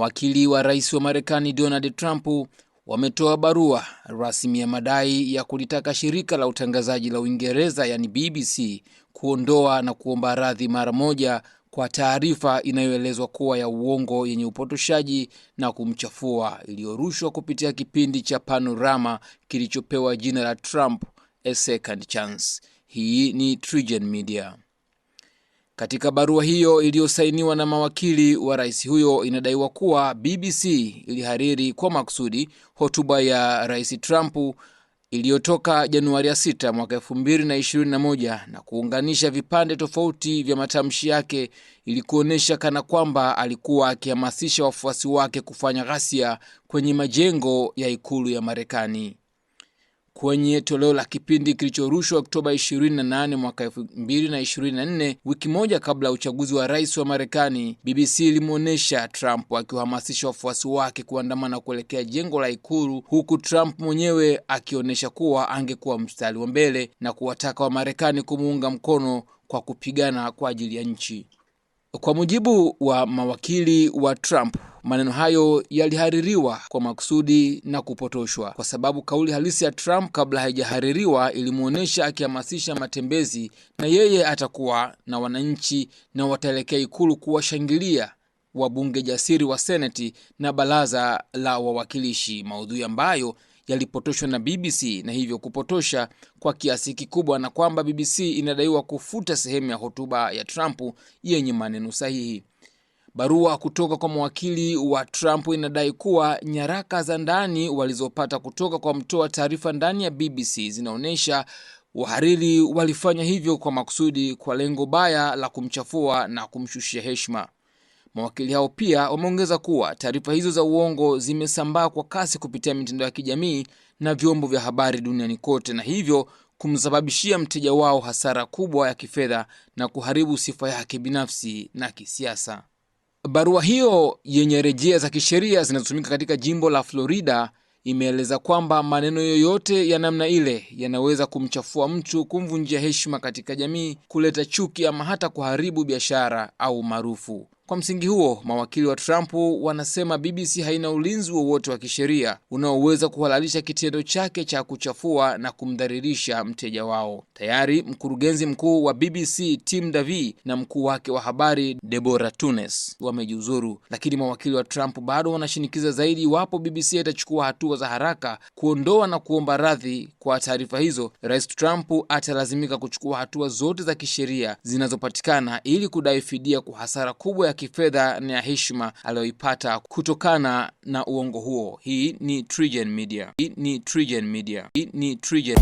mawakili wa rais wa Marekani Donald Trump wametoa barua rasmi ya madai ya kulitaka shirika la utangazaji la Uingereza yani BBC kuondoa na kuomba radhi mara moja kwa taarifa inayoelezwa kuwa ya uongo yenye upotoshaji na kumchafua iliyorushwa kupitia kipindi cha Panorama kilichopewa jina la Trump A Second Chance. Hii ni TriGen Media. Katika barua hiyo iliyosainiwa na mawakili wa rais huyo, inadaiwa kuwa BBC ilihariri kwa makusudi hotuba ya rais Trump iliyotoka Januari ya 6 mwaka 2021 na kuunganisha vipande tofauti vya matamshi yake ili kuonyesha kana kwamba alikuwa akihamasisha wafuasi wake kufanya ghasia kwenye majengo ya ikulu ya Marekani. Kwenye toleo la kipindi kilichorushwa Oktoba 28 mwaka 2024, wiki moja kabla ya uchaguzi wa rais wa Marekani, BBC ilimwonyesha Trump akiwahamasisha wafuasi wake kuandamana kuelekea jengo la Ikulu, huku Trump mwenyewe akionyesha kuwa angekuwa mstari wa mbele na kuwataka Wamarekani kumuunga mkono kwa kupigana kwa ajili ya nchi. Kwa mujibu wa mawakili wa Trump, maneno hayo yalihaririwa kwa makusudi na kupotoshwa, kwa sababu kauli halisi ya Trump kabla haijahaririwa ilimwonyesha akihamasisha matembezi na yeye atakuwa na wananchi na wataelekea ikulu kuwashangilia wabunge jasiri wa seneti na baraza la wawakilishi, maudhui ambayo yalipotoshwa na BBC na hivyo kupotosha kwa kiasi kikubwa, na kwamba BBC inadaiwa kufuta sehemu ya hotuba ya Trump yenye maneno sahihi. Barua kutoka kwa mawakili wa Trump inadai kuwa nyaraka za ndani walizopata kutoka kwa mtoa taarifa ndani ya BBC zinaonyesha wahariri walifanya hivyo kwa makusudi, kwa lengo baya la kumchafua na kumshushia heshima. Mawakili hao pia wameongeza kuwa taarifa hizo za uongo zimesambaa kwa kasi kupitia mitandao ya kijamii na vyombo vya habari duniani kote, na hivyo kumsababishia mteja wao hasara kubwa ya kifedha na kuharibu sifa yake binafsi na kisiasa. Barua hiyo yenye rejea za kisheria zinazotumika katika jimbo la Florida imeeleza kwamba maneno yoyote ya namna ile yanaweza kumchafua mtu, kumvunjia heshima katika jamii, kuleta chuki ama hata kuharibu biashara au maarufu. Kwa msingi huo, mawakili wa Trump wanasema BBC haina ulinzi wowote wa, kisheria unaoweza kuhalalisha kitendo chake cha kuchafua na kumdhalilisha mteja wao. Tayari mkurugenzi mkuu wa BBC Tim Davi na mkuu wake wa habari Deborah Tunes wamejiuzuru, lakini mawakili wa Trump bado wanashinikiza zaidi iwapo BBC itachukua hatua za haraka kuondoa na kuomba radhi kwa taarifa hizo, Rais Trump atalazimika kuchukua hatua zote za kisheria zinazopatikana ili kudai fidia kwa hasara kubwa ya kifedha na heshima aliyoipata kutokana na uongo huo. Hii ni Trigen Media. Hii ni Trigen Media. Hii ni Trigen